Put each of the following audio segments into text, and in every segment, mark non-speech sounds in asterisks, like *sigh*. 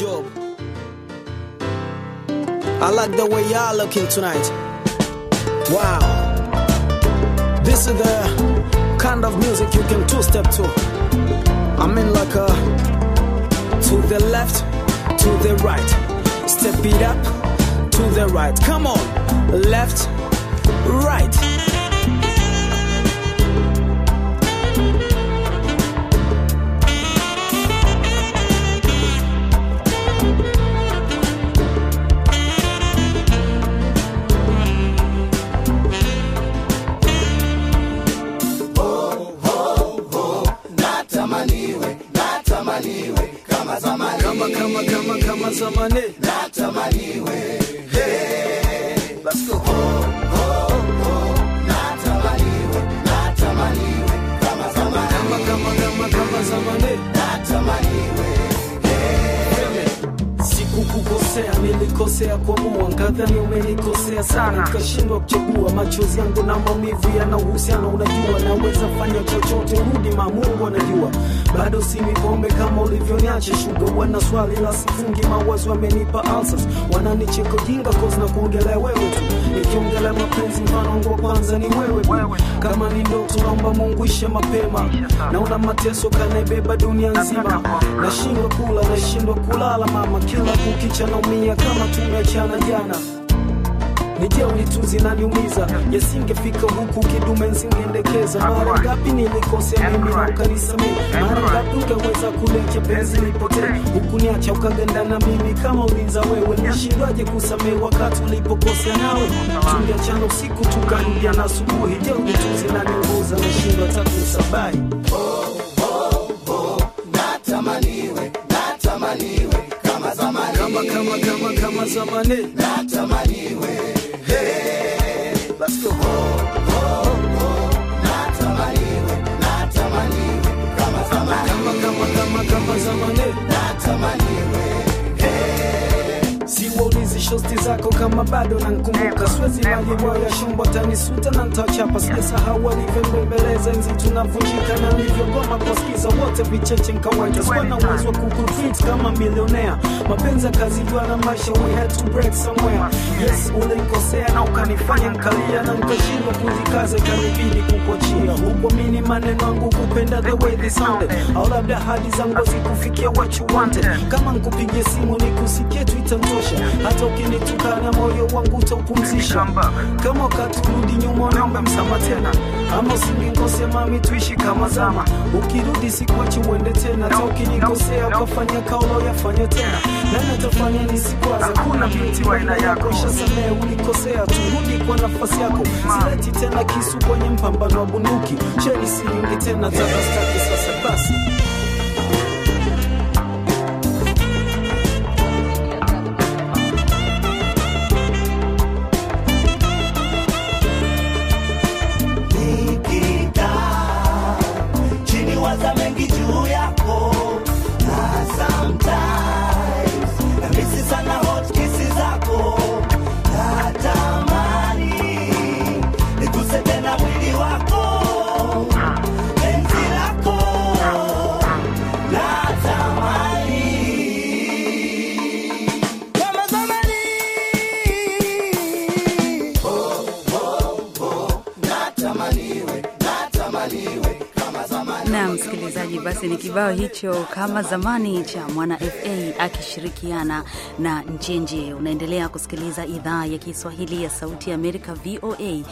Job. I like the way y'all looking tonight. Wow. This is the kind of music you can two step to. I mean, like a uh, to the left, to the right. Step it up to the right. Come on. Left, right. natamani kama kama kama kama zamani natamaniwe hey. let's go nimekosea kuamua, ngadhani umenikosea sana, nikashindwa kuchagua. Machozi yangu na maumivu yana uhusiano, unajua naweza fanya chochote, rudi mamungu anajua, bado si mipombe kama ulivyoniacha shuga. Wana swali la sifungi, mawazo amenipa answers, wananicheka jinga cause na kuongelea wewe tu, nikiongelea mapenzi mfano wangu wa kwanza ni wewe. Kama ni ndoto, naomba Mungu ishe mapema, naona mateso kanebeba dunia nzima, nashindwa kula, nashindwa kulala, mama kila kukicha naumia kama tu tumeachana jana nije ulituzi na niumiza yasingefika huku kidume nsingeendekeza mara ngapi nilikosea mimi na ukanisamee mara ngapi ungeweza kulecha penzi nipote huku niacha ukagenda na mimi kama uliza wewe nishindwaje kusamee wakati ulipokosea nawe tungeachana usiku tukarudia na asubuhi je ulituzi na niumiza nashindwa tatu oh. natamani natamaniwe hey. Let's go. Oh. Kama kama kama kama zamani natamaniwe hey siwaulizi shosti zako kama bado nankumbuka, swezi maliwaya shombo tanisuta na ntachapa, sijasahau walivyobembeleza enzi tunavunjika na nilivyogoma kuwasikiza wote vicheche nkawaita, swana uwezo wa kukutreat kama milionea, mapenzi yakazijua na maisha, we had to break somewhere. Yes, ulinikosea na ukanifanya nkalia na nkashindwa kujikaza, ikanibidi kukuachia. Hukuamini maneno yangu kupenda the way they sounded, au labda hadi zangu hazikufikia what you wanted. Kama nkupigie simu nikusikie Twitter tosha, hata ukinitukana moyo wangu utaupumzisha. Kama wakati kurudi nyuma, naomba msama tena, ama mami, tuishi kama zama. Ukirudi sikuachi uende tena, hata ukinikosea ukafanya kaulo yafanya tena, nani atafanya nisikwaza? Kuna binti wa aina yako, ishasamehe ulikosea, turudi kwa nafasi yako, sileti tena kisu kwenye mpambano wa bunduki, cheni silingi tena, taka staki sasa basi kibao hicho kama zamani cha Mwana FA akishirikiana na Njenje. Unaendelea kusikiliza idhaa ya Kiswahili ya Sauti ya Amerika, VOA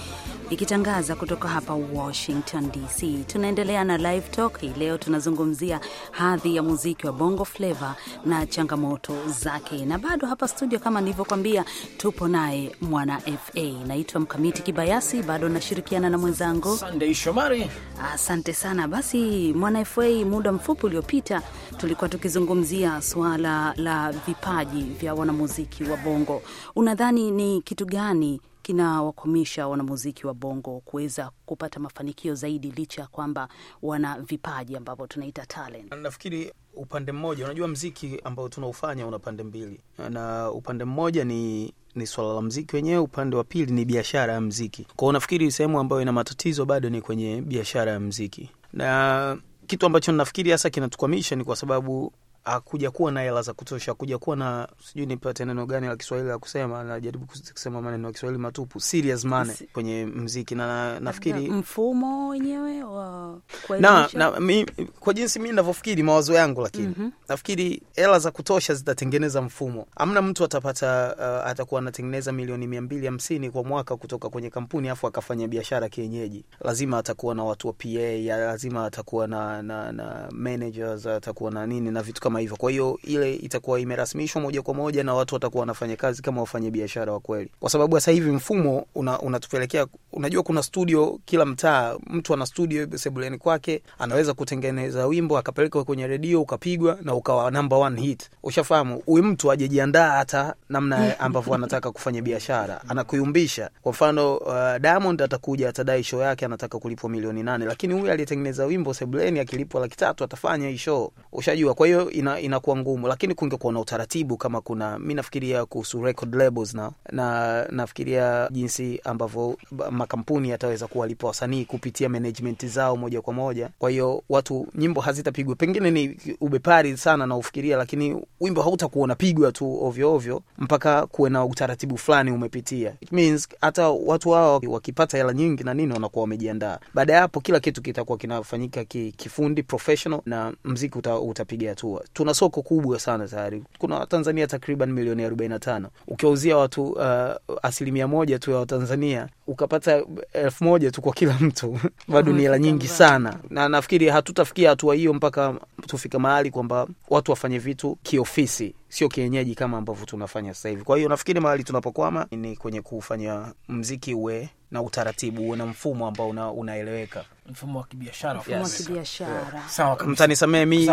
ikitangaza kutoka hapa Washington DC. Tunaendelea na live talk hii leo, tunazungumzia hadhi ya muziki wa bongo flava na changamoto zake, na bado hapa studio kama nilivyokwambia, tupo naye mwana fa. Naitwa Mkamiti Kibayasi, bado nashirikiana na mwenzangu Sunday Shomari. Asante sana. Basi mwana fa, muda mfupi uliopita tulikuwa tukizungumzia suala la vipaji vya wanamuziki wa bongo. Unadhani ni kitu gani kinawakwamisha wanamuziki wa bongo kuweza kupata mafanikio zaidi, licha ya kwamba wana vipaji ambavyo tunaita talent. Nafikiri upande mmoja, unajua mziki ambao tunaufanya una pande mbili, na upande mmoja ni ni swala la mziki wenyewe, upande wa pili ni biashara ya mziki. Kwa hiyo nafikiri sehemu ambayo ina matatizo bado ni kwenye biashara ya mziki, na kitu ambacho nafikiri hasa kinatukwamisha ni kwa sababu akuja kuwa na hela za kutosha, kuja kuwa na sijui nipate neno gani la Kiswahili la kusema, najaribu kusema maneno ya Kiswahili matupu, serious money kwenye mziki, na nafikiri mfumo wenyewe wa na, na, mi, kwa jinsi mi navyofikiri mawazo yangu, lakini mm -hmm. nafikiri hela za kutosha zitatengeneza mfumo. Amna mtu atapata uh, atakuwa anatengeneza milioni mia mbili hamsini kwa mwaka kutoka kwenye kampuni afu akafanya biashara kienyeji. Lazima atakuwa na watu wa PA, lazima atakuwa na, na, na managers, atakuwa na nini na vitu kama hivyo. Kwa hiyo ile itakuwa imerasmishwa moja kwa moja na watu watakuwa wanafanya kazi kama wafanya biashara wa kweli, kwa sababu sasa hivi mfumo unatupelekea una, unajua kuna studio kila mtaa, mtu ana studio sebuleni kwake, anaweza kutengeneza wimbo akapeleka kwenye redio ukapigwa na ukawa number one hit. Ushafahamu, huyu mtu ajijiandaa hata namna *laughs* ambavyo anataka kufanya biashara, anakuyumbisha. Kwa mfano uh, Diamond atakuja atadai show yake, anataka kulipwa milioni nane, lakini huyu aliyetengeneza wimbo sebuleni akilipwa lakitatu atafanya hii show. Ushajua, kwa hiyo ina, inakuwa ngumu, lakini kungekuwa na utaratibu kama kuna, mi nafikiria kuhusu record labels na, na nafikiria jinsi ambavyo makampuni yataweza kuwalipa wasanii kupitia management zao moja kwa moja. Kwa hiyo watu nyimbo hazitapigwa, pengine ni ubepari sana na ufikiria, lakini wimbo hautakuwa unapigwa tu ovyo ovyo mpaka kuwe na utaratibu fulani umepitia. It means hata watu hao wakipata hela nyingi na nini wanakuwa wamejiandaa. Baada ya hapo, kila kitu kitakuwa kinafanyika ki, kifundi professional na mziki uta, utapiga hatua tuna soko kubwa sana tayari. Kuna Watanzania takriban milioni arobaini na tano. Ukiwauzia watu uh, asilimia moja tu ya Watanzania ukapata elfu moja tu kwa kila mtu, *laughs* bado ni hela nyingi sana, na nafikiri hatutafikia hatua hiyo mpaka tufika mahali kwamba watu wafanye vitu kiofisi sio kienyeji kama ambavyo tunafanya sasa hivi. Kwa hiyo nafikiri mahali tunapokwama ni kwenye kufanya mziki uwe na utaratibu na mfumo ambao una, unaeleweka mfumo wa kibiashara yes. Mtanisamee mi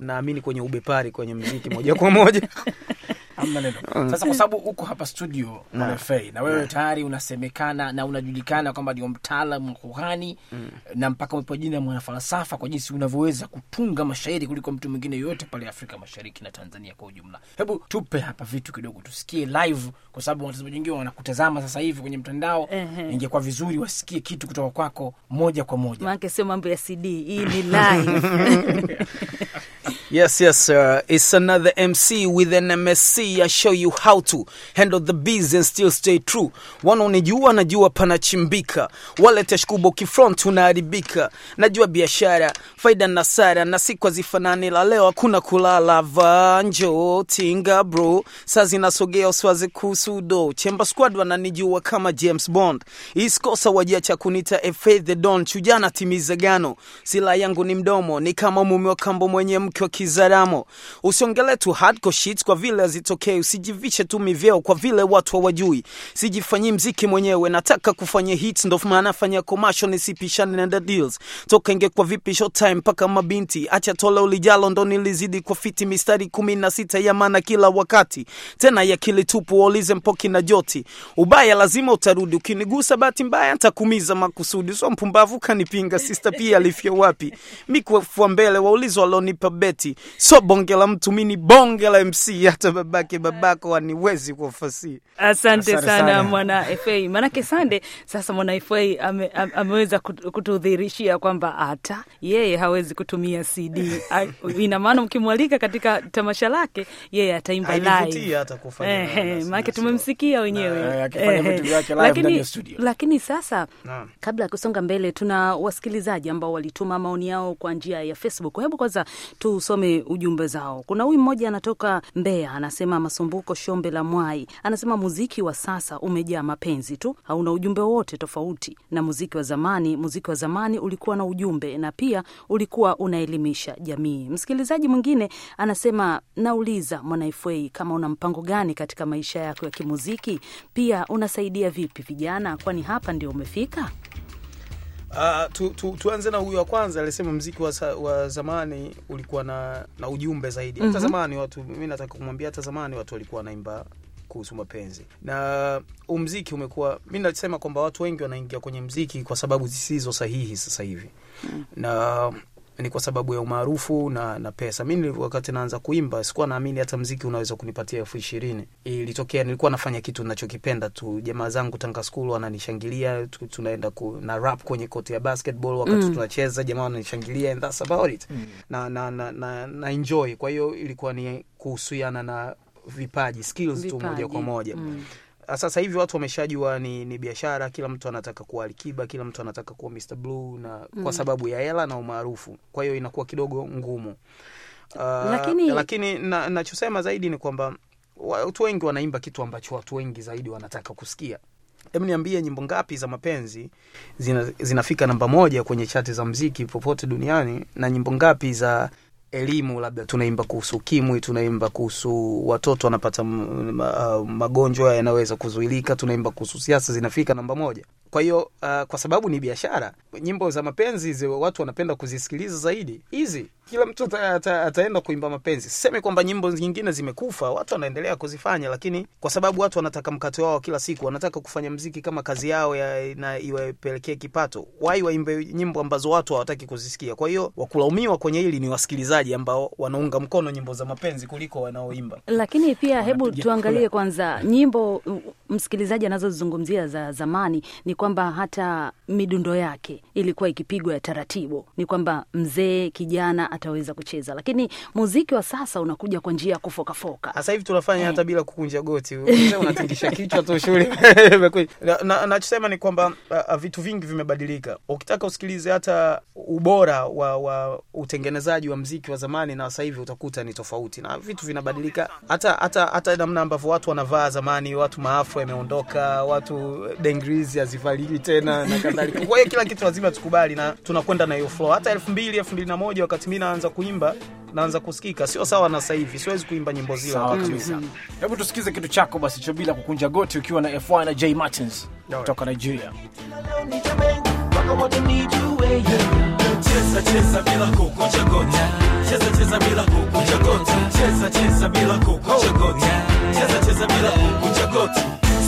naamini uh, kwenye ubepari kwenye mziki moja kwa moja *laughs* hamna *laughs* ah. Sasa kwa sababu uko hapa studio RFA na wewe tayari unasemekana na unajulikana kwamba ndio mtaalam wa kuhani mm. na mpaka umepewa jina mwanafalsafa kwa jinsi unavyoweza kutunga mashairi kuliko mtu mwingine yoyote pale Afrika Mashariki na Tanzania kwa ujumla. Hebu tupe hapa vitu kidogo tusikie live, kwa sababu watazamaji wengine wanakutazama sasa hivi kwenye mtandao. Ingekuwa vizuri wasikie kitu kutoka kwako moja kwa moja, mambo ya CD, hii ni live *laughs* Yes, yes, sir. It's another MC with an MSC. I show you how to handle the bees and still stay true. Wanaonijua najua panachimbika, wale tashkubo kifront unaharibika. Najua biashara faida na sara, na siku hazifanani, la leo hakuna kulala. Vanjo tinga bro, saa zinasogea uswaze kusudo. Chemba squad wananijua kama James Bond, iskosa wajia kunita FA Don, chujana timiza gano, yangu ni mdomo, ni kama mume wa kambo mwenye mke wa kizaramo. Usiongele tu hardcore shit kwa vile hazitokei. Usijivishe tu mivyeo kwa vile watu hawajui. Sijifanyi mziki mwenyewe, nataka kufanya hit, ndo maana fanya commercial, nisipishane na the deals. Toka inge kwa vipi showtime mpaka mabinti, acha tole ulijalo, ndo nilizidi kwa fiti mistari kumi na sita ya maana kila wakati tena ya tupu, waulize Mpoki na Joti. Ubaya lazima utarudi, ukinigusa bahati mbaya nitakumiza makusudi. So mpumbavu kanipinga, sister pia alifia wapi? Mi kufua mbele, waulize walonipa beti eti so bonge la mtu, mimi ni bonge la MC, hata babake babako aniwezi kuwafasiri. Asante, sana mwana FA, maanake sande. Sasa mwana FA ame, ameweza kutudhihirishia kwamba hata yeye hawezi kutumia CD. *laughs* Ina maana mkimwalika katika tamasha lake yeye ataimba live, hata maanake tumemsikia wenyewe lakini, sasa na, kabla ya kusonga mbele, tuna wasikilizaji ambao walituma maoni yao kwa njia ya Facebook. Hebu kwanza tu tusome ujumbe zao. Kuna huyu mmoja anatoka Mbeya, anasema Masumbuko Shombe la Mwai anasema muziki wa sasa umejaa mapenzi tu, hauna ujumbe wowote tofauti na muziki wa zamani. Muziki wa zamani ulikuwa na ujumbe na pia ulikuwa unaelimisha jamii. Msikilizaji mwingine anasema, nauliza Mwanaifei kama una mpango gani katika maisha yako ya kimuziki, pia unasaidia vipi vijana, kwani hapa ndio umefika. Uh, tu, tu, tuanze na huyu wa kwanza alisema mziki wa, wa zamani ulikuwa na, na ujumbe zaidi. Hata mm -hmm. zamani watu, mimi nataka kumwambia hata zamani watu walikuwa wanaimba kuhusu mapenzi na umziki umekuwa, mi nasema kwamba watu wengi wanaingia kwenye mziki kwa sababu zisizo sahihi sasa hivi mm. na ni kwa sababu ya umaarufu na, na pesa. Mi wakati naanza kuimba sikuwa naamini hata mziki unaweza kunipatia elfu ishirini. Ilitokea nilikuwa nafanya kitu nachokipenda tu, jamaa zangu tanga skulu wananishangilia, tunaenda ku, na rap kwenye koti ya basketball wakati mm. tunacheza, jamaa wananishangilia and that's about it mm. na, na, na, na, na enjoy. Kwa hiyo ilikuwa ni kuhusiana na vipaji skills vipaji tu moja kwa moja mm. Ah, sasa hivi watu wameshajua ni, ni biashara. Kila mtu anataka kuwa Alikiba, kila mtu anataka kuwa Mr Blue na mm. kwa sababu ya hela na umaarufu, kwa hiyo inakuwa kidogo ngumu uh, lakini, lakini nachosema na zaidi ni kwamba watu wengi wanaimba kitu ambacho watu wengi zaidi wanataka kusikia. Hebu niambie nyimbo ngapi za mapenzi zina, zinafika namba moja kwenye chati za mziki popote duniani na nyimbo ngapi za elimu labda tunaimba kuhusu ukimwi, tunaimba kuhusu watoto wanapata mm, uh, magonjwa yanaweza kuzuilika, tunaimba kuhusu siasa zinafika namba moja. Kwa hiyo uh, kwa sababu ni biashara, nyimbo za mapenzi hizi watu wanapenda kuzisikiliza zaidi. Hizi kila mtu ata, ata, ataenda kuimba mapenzi. Sisemi kwamba nyimbo nyingine zimekufa, watu wanaendelea kuzifanya, lakini kwa sababu watu wanataka mkate wao kila siku, wanataka kufanya mziki kama kazi yao ya, na iwapelekee kipato, wai waimbe nyimbo ambazo watu hawataki kuzisikia. Kwa hiyo wakulaumiwa kwenye hili ni wasikilizaji ambao wanaunga mkono nyimbo za mapenzi kuliko wanaoimba. Lakini pia hebu tuangalie kwanza nyimbo msikilizaji anazozungumzia za zamani ni kwamba hata midundo yake ilikuwa ikipigwa ya taratibu, ni kwamba mzee kijana ataweza kucheza. Lakini muziki wa sasa unakuja kwa njia ya kufokafoka. Sasa hivi tunafanya eh, hata bila kukunja goti, *laughs* unatingisha kichwa tu shule *laughs* nachosema na, ni kwamba uh, vitu vingi vimebadilika. Ukitaka usikilize hata ubora wa, wa utengenezaji wa mziki wa zamani na sasa hivi utakuta ni tofauti, na vitu vinabadilika, hata hata hata namna ambavyo watu wanavaa zamani, watu maafu yameondoka, watu dengrizi hazivai haliwi tena na kadhalika. Kwa hiyo kila kitu lazima tukubali na tunakwenda na hiyo flow. Hata 2000 2001 wakati mimi naanza kuimba naanza kusikika, sio sawa na sasa hivi, siwezi kuimba nyimbo zile wakati mm -hmm. Hebu tusikize kitu chako basi cho bila kukunja goti, ukiwa na F1 na J Martins kutoka Nigeria. Cheza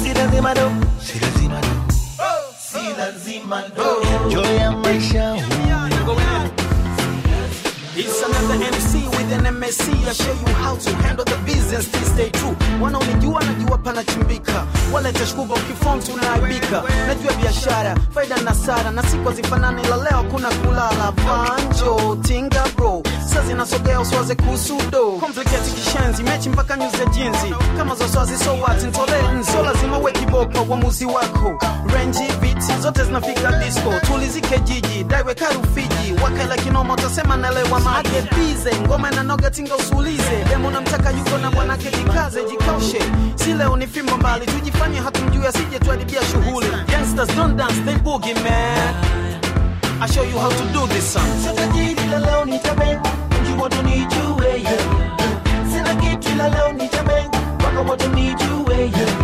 si lazima do, si lazima do lazima ndo joya maisha huu He's another MC with an MSC. I show you how to handle the business, still stay true. Wanaonijua najua panachimbika, wala tashkuba ukiform tunaibika. Najua biashara faida na sara, na siku la leo kuna kulala. Banjo tinga bro, sasa zinasogea usiwaze kuhusu do. Complicated kishenzi mechi mpaka nyuze jinzi kama zoswazi so what ntole nso lazima uwe kiboko uamuzi wako renji viti zote zinafika disco tulizike jiji daiweka rufiji wakaela kinoma utasema naelewa Mage bize ngoma na noga tinga usulize demo na mtaka yuko na mwanake jikaze jikoshe si leo ni fimbo mbali tujifanye hatumjui asije tuharibia shughuli gangsters don't dance they boogie man I show you how to do this song sasa jini la leo ni nitabeba mji wote nijue yeah sina kitu la leo ni nitabeba wako wote nijue yeah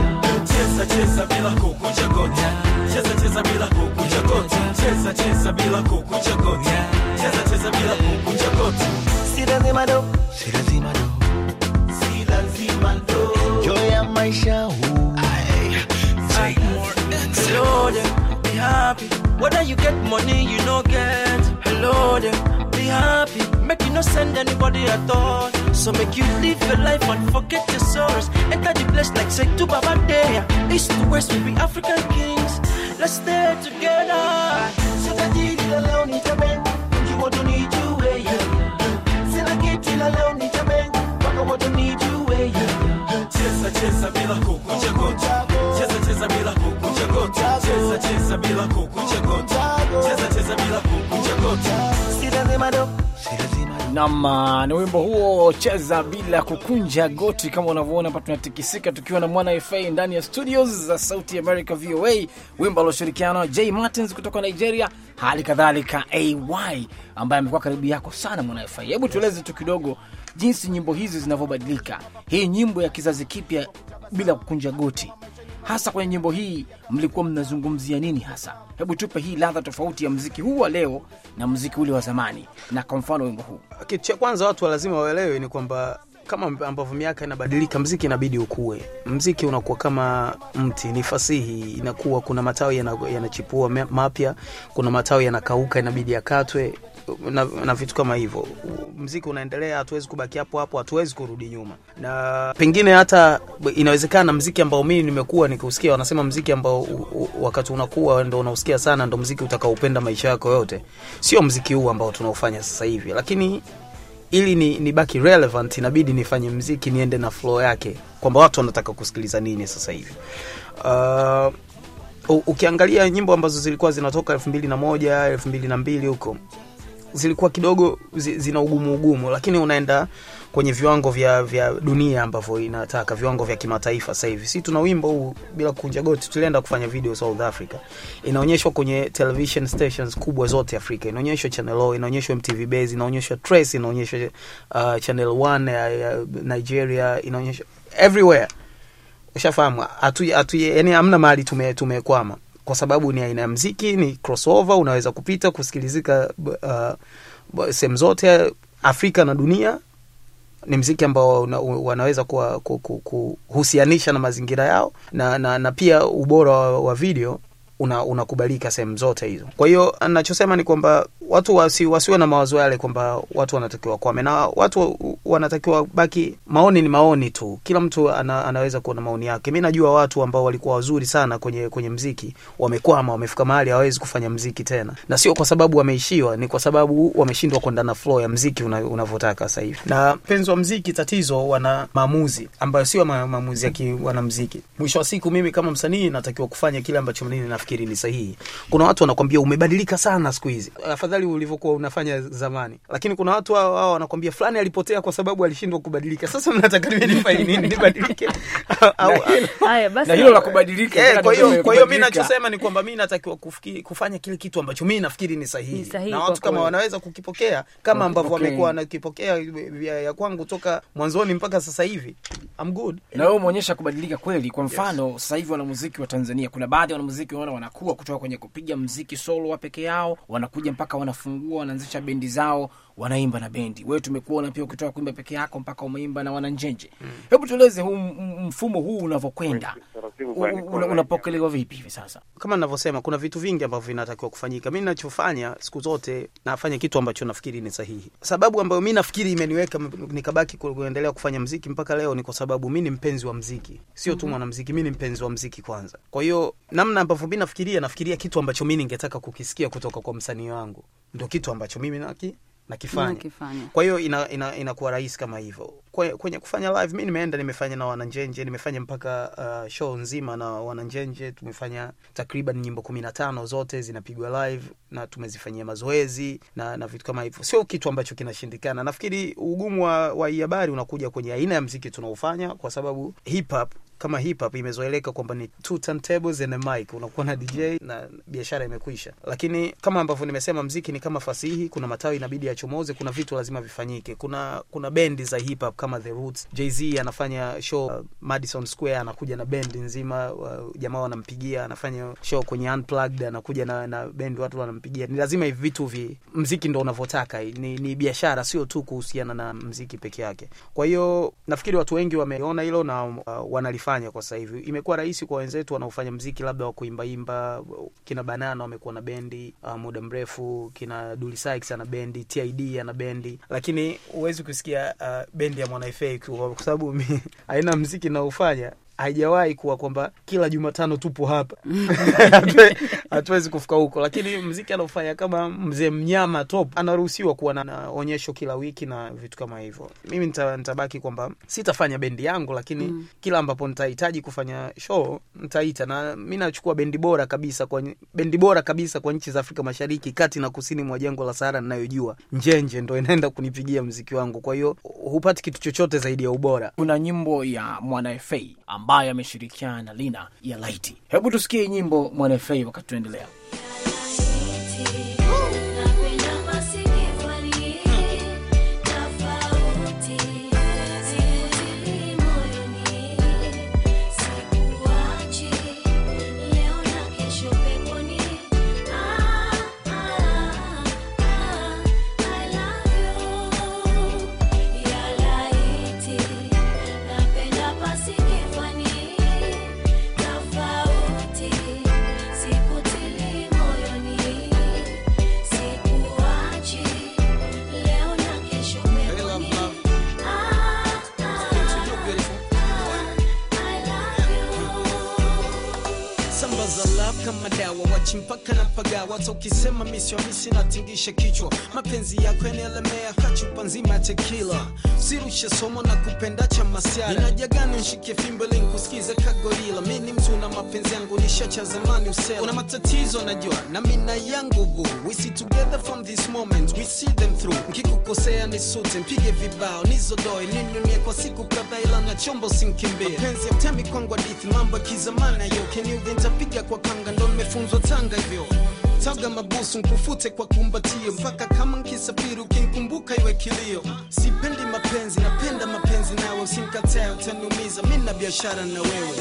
chesa chesa bila kukuja kote chesa chesa bila kukuja kote chesa chesa bila kukunja goti yeah. cheza cheza bila kukunja goti. Si lazima do, si lazima do, si lazima do. Enjoy maisha huu. Take more Hello there, be happy. Whether you get money, you no get. Hello there, be happy. Make you no send anybody at all. So make you live your life and forget your sorrows. Enter the place like Sektu Baba there. East to west, we be African kings. Let's stay together. So that you alone, it's a moto nijue yeah. Sina kiti la leo nitamenga mpaka moto nijue yeah. Cheza cheza bila kukunja gota, cheza cheza bila kukunja gota, cheza cheza bila kukunja gota, cheza cheza bila kukunja gota. Sira zima do, sira zima Nam ah, ni wimbo huo cheza bila kukunja goti. Kama unavyoona hapa, tunatikisika tukiwa na mwana FA ndani ya studios za Sauti America VOA, wimbo alioshirikiana J Martins kutoka Nigeria, hali kadhalika AY ambaye amekuwa karibu yako sana mwana FA. Hebu tueleze tu kidogo jinsi nyimbo hizi zinavyobadilika, hii nyimbo ya kizazi kipya bila kukunja goti hasa kwenye nyimbo hii mlikuwa mnazungumzia nini hasa? Hebu tupe hii ladha tofauti ya mziki huu wa leo na mziki ule wa zamani, na kwa mfano wimbo huu. Kitu cha kwanza watu lazima waelewe ni kwamba kama ambavyo miaka inabadilika, mziki inabidi ukue. Mziki unakuwa kama mti, ni fasihi inakuwa, kuna matawi yanachipua mapya, kuna matawi yanakauka, inabidi yakatwe na, na vitu kama hivyo. Mziki unaendelea, hatuwezi kubaki hapo hapo, hatuwezi kurudi nyuma, na pengine hata inawezekana mziki ambao mimi nimekuwa nikiusikia, wanasema mziki ambao wakati unakuwa ndo unausikia sana ndo mziki utakaopenda maisha yako yote, sio mziki huu ambao tunaofanya sasa hivi, lakini ili ni, ni baki relevant inabidi nifanye mziki niende na flow yake, kwamba watu wanataka kusikiliza nini sasa hivi. Uh, ukiangalia nyimbo ambazo zilikuwa zinatoka elfu mbili na moja elfu mbili na mbili huko zilikuwa kidogo zina ugumu ugumu, lakini unaenda kwenye viwango vya vya dunia ambavyo inataka viwango vya kimataifa. Sasa hivi si tuna wimbo huu bila kunja goti, tulienda kufanya video South Africa, inaonyeshwa kwenye television stations kubwa zote Afrika, inaonyeshwa Channel O, inaonyeshwa MTV Base, inaonyeshwa Trace, inaonyeshwa uh, Channel 1 ya ya Nigeria, inaonyeshwa everywhere. Ushafahamu, atu atu yani amna mali tumekwama tume kwa sababu ni aina ya mziki, ni crossover, unaweza kupita kusikilizika uh, uh sehemu zote Afrika na dunia. Ni mziki ambao wanaweza kuhusianisha na mazingira yao na, na, na pia ubora wa, wa video una unakubalika sehemu zote hizo. Kwa hiyo nachosema ni kwamba watu wasi, wasiwe na mawazo yale kwamba watu wanatakiwa kwame, na watu wanatakiwa baki. Maoni ni maoni tu, kila mtu ana, anaweza kuwa na maoni yake. Mi najua watu ambao walikuwa wazuri sana kwenye kwenye mziki wamekwama, wamefika mahali hawawezi kufanya mziki tena, na sio kwa sababu wameishiwa, ni kwa sababu wameshindwa kwenda na flow ya mziki unavyotaka una unavyotaka hivi. Na mpenzi wa mziki, tatizo wana maamuzi ambayo sio maamuzi ya kiwanamziki Mwisho wa siku, mimi kama msanii natakiwa kufanya kile ambacho mimi nafikiri nafikiri ni sahihi. Kuna watu wanakwambia umebadilika sana siku hizi, afadhali ulivyokuwa unafanya zamani, lakini kuna watu hao hao wanakwambia fulani alipotea kwa sababu alishindwa kubadilika. Sasa mnataka mimi nifanye nini? Nibadilike? *laughs* Haya basi, na hilo la kubadilika. Eh, kwa hiyo kwa hiyo mimi ninachosema ni kwamba mimi natakiwa kufanya kile kitu ambacho mimi nafikiri ni sahihi, na watu kama wanaweza kukipokea kama ambavyo wamekuwa wanakipokea eh, ya kwangu toka mwanzoni mpaka sasa hivi, I'm good. Na wewe umeonyesha kubadilika kweli. Kwa mfano, sasa hivi wanamuziki wa Tanzania kuna baadhi ya wanamuziki wanaona wanakuwa kutoka kwenye kupiga mziki solo wa peke yao, wanakuja mpaka wanafungua, wanaanzisha bendi zao, wanaimba na bendi. Wewe tumekuona pia ukitoka kuimba peke yako mpaka umeimba na wananjenje. Mm. Hebu tueleze huu mfumo huu unavyokwenda, unapokelewa vipi hivi sasa? Kama ninavyosema, kuna vitu vingi ambavyo vinatakiwa kufanyika. Mimi ninachofanya siku zote nafanya kitu ambacho nafikiri ni sahihi. Sababu ambayo mimi nafikiri imeniweka nikabaki kuendelea kufanya mziki mpaka leo ni kwa sababu mimi ni mpenzi wa mziki, sio tu mhm. mwanamziki. Mimi ni mpenzi wa mziki kwanza. Kwa hiyo namna ambavyo mimi nafikiria, nafikiria kitu ambacho mimi ningetaka kukisikia kutoka kwa msanii wangu, ndo kitu ambacho mimi naki nakifanya na kwa hiyo inakuwa ina, ina rahisi kama hivyo kwenye kufanya live mi nimeenda nimefanya na wananjenje nimefanya mpaka uh, show nzima na wananjenje tumefanya takriban nyimbo kumi na tano zote zinapigwa live na tumezifanyia mazoezi na, na vitu kama hivyo sio kitu ambacho kinashindikana nafikiri ugumu wa, wa habari unakuja kwenye aina ya mziki tunaofanya kwa sababu hip hop kama hip hop imezoeleka kwamba ni two turntables and a mic, unakuwa na DJ na biashara imekwisha. Lakini kama ambavyo nimesema, mziki ni kama fasihi, kuna matawi inabidi yachomoze, kuna vitu lazima vifanyike. Kuna kuna bendi za hip hop kama The Roots, Jay-Z anafanya show uh, Madison Square, anakuja na bendi nzima uh, jamaa wanampigia, anafanya show kwenye Unplugged, anakuja na, na bendi watu wanampigia. Ni lazima hivi vitu vi mziki ndo unavyotaka, ni, ni biashara, sio tu kuhusiana na mziki peke yake. Kwa hiyo nafikiri watu wengi wameona hilo na uh, wanalifanya wanafanya kwa sasa hivi. Imekuwa rahisi kwa wenzetu wanaofanya mziki labda wa kuimbaimba, kina Banana wamekuwa na bendi uh, muda mrefu, kina Dully ana bendi, TID ana bendi, lakini huwezi kusikia uh, bendi ya mwanaefe kwa sababu *laughs* aina mziki naofanya haijawahi kuwa kwamba kila Jumatano tupo hapa *laughs* hatuwezi kufika huko, lakini mziki anaofanya kama mzee Mnyama Top anaruhusiwa kuwa na onyesho kila wiki na vitu kama hivyo. Mimi nitabaki kwamba sitafanya bendi yangu, lakini mm. kila ambapo nitahitaji kufanya show nitaita, na mi nachukua bendi bora kabisa kwa bendi bora kabisa kwa nchi za Afrika Mashariki, kati na kusini mwa jengo la Sahara ninayojua, Njenje ndo inaenda kunipigia mziki wangu. Kwa hiyo hupati kitu chochote zaidi ya ubora. Kuna nyimbo ya Mwana FA amba ambayo ameshirikiana na Lina ya Laiti. Hebu tusikie nyimbo Mwanafei wakati tunaendelea. hata ukisema misi natingishe kichwa. Mapenzi yako yanaelemea kachupa nzima ya tekila, sirushe somo na kupenda cha masiara inajagani nshike fimbo ili kagorila. Mi ni mtu na mapenzi yangu nisha cha zamani usela, una matatizo najua na mina yangu boo. We see together from this moment we see them through. Nkikukosea sute mpige vibao nizodoe ninunie kwa siku kadhaa, ila na chombo sinkimbia. Mapenzi ya mtemi kwangu hadithi, mambo ya kizamani yoke ni uvyenja piga kwa kanga, ndo nimefunzwa Tanga hivyo taga mabusu nkufute kwa kumbatio mpaka kama nkisafiri ukinkumbuka iwe kilio sipendi mapenzi napenda mapenzi nawe usinkatae utaniumiza mi na biashara na wewe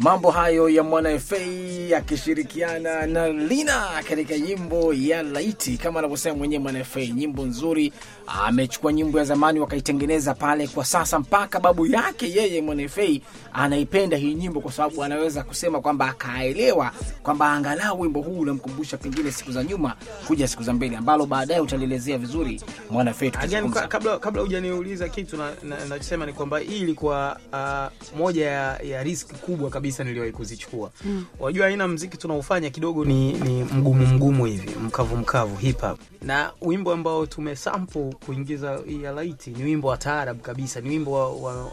mambo hayo ya Mwana FA akishirikiana na Lina katika nyimbo ya Laiti, kama anavyosema mwenyewe Mwana FA, nyimbo nzuri. Amechukua nyimbo ya zamani wakaitengeneza pale kwa sasa, mpaka babu yake yeye Mwana FA anaipenda hii nyimbo, kwa sababu anaweza kusema kwamba akaelewa kwamba angalau wimbo huu unamkumbusha pengine siku za nyuma kuja siku za mbele, ambalo baadaye utalielezea vizuri Mwana FA. Kabla kabla hujaniuliza kitu, nachosema na, na, ni kwamba hii ilikuwa uh, moja ya, ya riski kubwa kabisa kabisa niliwahi kuzichukua. Mm. Wajua aina mziki tunaofanya kidogo ni, ni mgumu mgumu hivi, mkavu mkavu hip hop. Na wimbo ambao tumesample kuingiza ya laiti ni wimbo wa taarab kabisa, ni wimbo wa, wa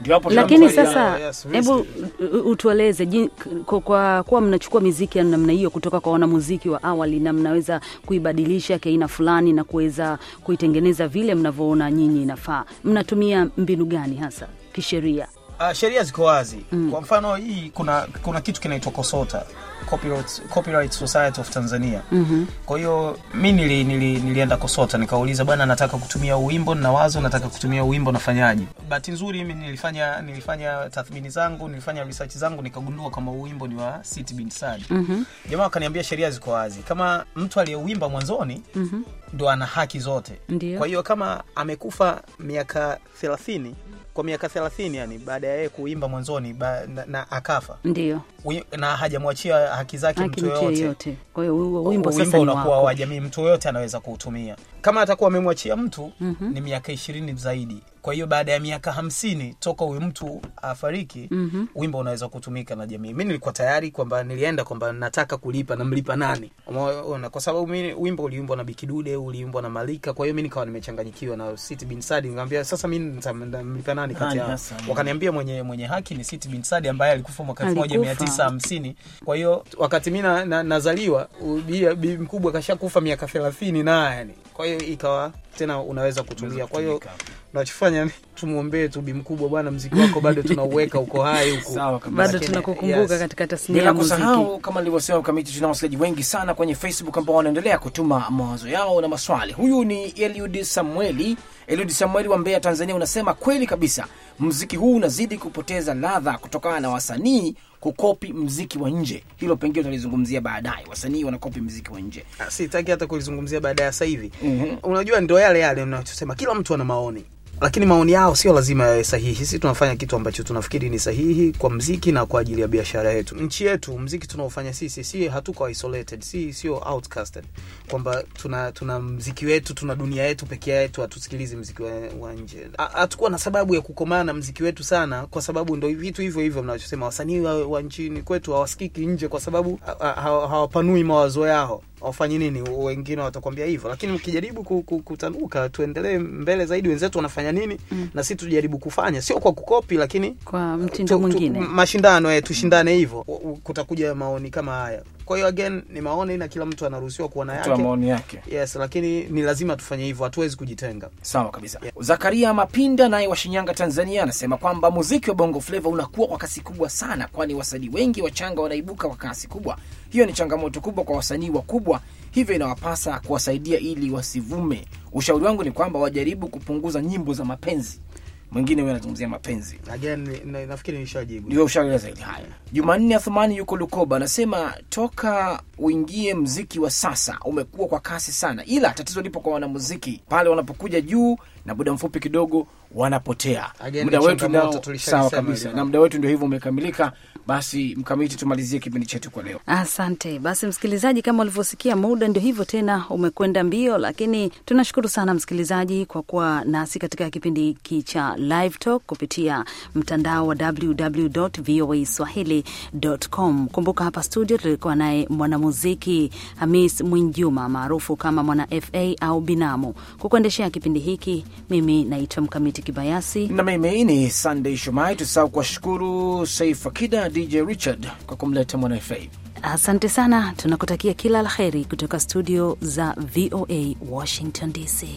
Lakini sasa, hebu utueleze kwa kuwa mnachukua miziki ya namna hiyo kutoka kwa wanamuziki wa awali na mnaweza kuibadilisha kiaina fulani na kuweza kuitengeneza vile mnavyoona nyinyi inafaa, mnatumia mbinu gani hasa kisheria? uh, sheria ziko wazi mm. Kwa mfano hii kuna, kuna kitu kinaitwa kosota Copyright, Society of Tanzania mm -hmm. Kwa hiyo mi nili, nili, nilienda kosota nikauliza, bwana, nataka kutumia uwimbo na wazo, nataka kutumia uwimbo, nafanyaje? Bahati nzuri mi nilifanya, nilifanya tathmini zangu, nilifanya research zangu, nikagundua kama uwimbo ni wa Siti Bin Saad mm -hmm. Jamaa akaniambia sheria ziko wazi, kama mtu aliyeuimba mwanzoni mm -hmm. ndo ana haki zote Ndiyo. Kwa hiyo kama amekufa miaka 30 kwa miaka 30 yani baada ya yeye kuimba mwanzoni ba, na, na akafa ndio na hajamwachia haki zake mtu yoyote. Kwa hiyo wimbo sasa unakuwa wa jamii, mtu yoyote anaweza kuutumia kama atakuwa amemwachia mtu mm-hmm. ni miaka ishirini zaidi kwa hiyo baada ya miaka hamsini toka huyu mtu afariki mm-hmm. wimbo unaweza kutumika na jamii mi nilikuwa tayari kwamba nilienda kwamba nataka kulipa namlipa nani Umaona, kwa sababu wimbo uliimbwa na bikidude uliimbwa na malika kwa hiyo mi nikawa nimechanganyikiwa na siti binsadi nikaambia sasa mi namlipa nani kati yao wakaniambia mwenye, mwenye haki ni siti binsadi ambaye alikufa mwaka elfu moja mia tisa hamsini kwa hiyo wakati mi na, na, nazaliwa mkubwa kashakufa miaka thelathini naye yani kwa hiyo ikawa tena unaweza kutumia kwa hiyo tunachofanya tumwombee tu bi mkubwa bwana mziki wako bado tunauweka uko hai huko bado tunakukumbuka yes. katika tasnia ya muziki kusahau kama nilivyosema kamiti tuna wasikilizaji wengi sana kwenye facebook ambao wanaendelea kutuma mawazo yao na maswali huyu ni Eliud Samueli Eliud Samueli wa Mbeya Tanzania unasema kweli kabisa mziki huu unazidi kupoteza ladha kutokana na wasanii kukopi mziki wa nje. Hilo pengine tutalizungumzia baadaye, wasanii wanakopi mziki wa nje, ah, sitaki hata kulizungumzia baadaye. Sasa hivi mm -hmm. Unajua, ndo yale yale unachosema, kila mtu ana maoni lakini maoni yao sio lazima yawe sahihi. Sisi tunafanya kitu ambacho tunafikiri ni sahihi kwa mziki na kwa ajili ya biashara yetu, nchi yetu. Mziki tunaofanya sisi, si hatuko isolated, si sio outcasted, kwamba tuna tuna mziki wetu, tuna dunia yetu pekee yetu, hatusikilizi mziki wa nje. Hatukuwa na sababu ya kukomana na mziki wetu sana, kwa sababu ndio vitu hivyo hivyo mnachosema, wasanii wa, wa nchini kwetu hawasikiki nje kwa sababu hawapanui ha, ha, mawazo yao wafanyi nini, wengine watakwambia hivyo, lakini mkijaribu kutanuka, tuendelee mbele zaidi, wenzetu wanafanya nini mm. na sisi tujaribu kufanya, sio kwa kukopi, lakini kwa mtindo mwingine, mashindano eh, tushindane hivyo, kutakuja maoni kama haya. Kwa hiyo again ni maoni na kila mtu anaruhusiwa kuwa na yake. Maoni yake. Yes, lakini ni lazima tufanye hivyo, hatuwezi kujitenga. Sawa kabisa. Yeah. Zakaria Mapinda naye wa Shinyanga, Tanzania anasema kwamba muziki wa Bongo fleva unakuwa kwa kasi kubwa sana, kwani wasanii wengi wachanga wanaibuka kwa kasi kubwa. Hiyo ni changamoto kubwa kwa wasanii wakubwa, hivyo inawapasa kuwasaidia ili wasivume. Ushauri wangu ni kwamba wajaribu kupunguza nyimbo za mapenzi mwingine huyo anazungumzia mapenzi. Nafikiri nishajibu ndio ushaeleza zaidi. Haya, mm. Jumanne Athumani yuko Lukoba anasema toka uingie mziki wa sasa umekuwa kwa kasi sana, ila tatizo lipo kwa wanamuziki pale wanapokuja juu na muda mfupi kidogo wanapotea. muda wetu nao sawa kabisa, na muda wetu ndio hivyo umekamilika. Basi mkamiti, tumalizie kipindi chetu kwa leo. Asante basi msikilizaji, kama ulivyosikia, muda ndio hivyo tena umekwenda mbio, lakini tunashukuru sana msikilizaji kwa kuwa nasi katika kipindi hiki cha Live Talk kupitia mtandao wa www.voaswahili.com. Kumbuka hapa studio tulikuwa naye mwanamuziki Hamis Mwinjuma maarufu kama Mwana FA au Binamu kukuendeshea kipindi hiki mimi naitwa Mkamiti Kibayasi na mimi ni sandey Shumai. Tusahau kuwashukuru Saif Akida, DJ Richard kwa kumleta MwanaFA. Asante sana, tunakutakia kila la heri kutoka studio za VOA Washington DC.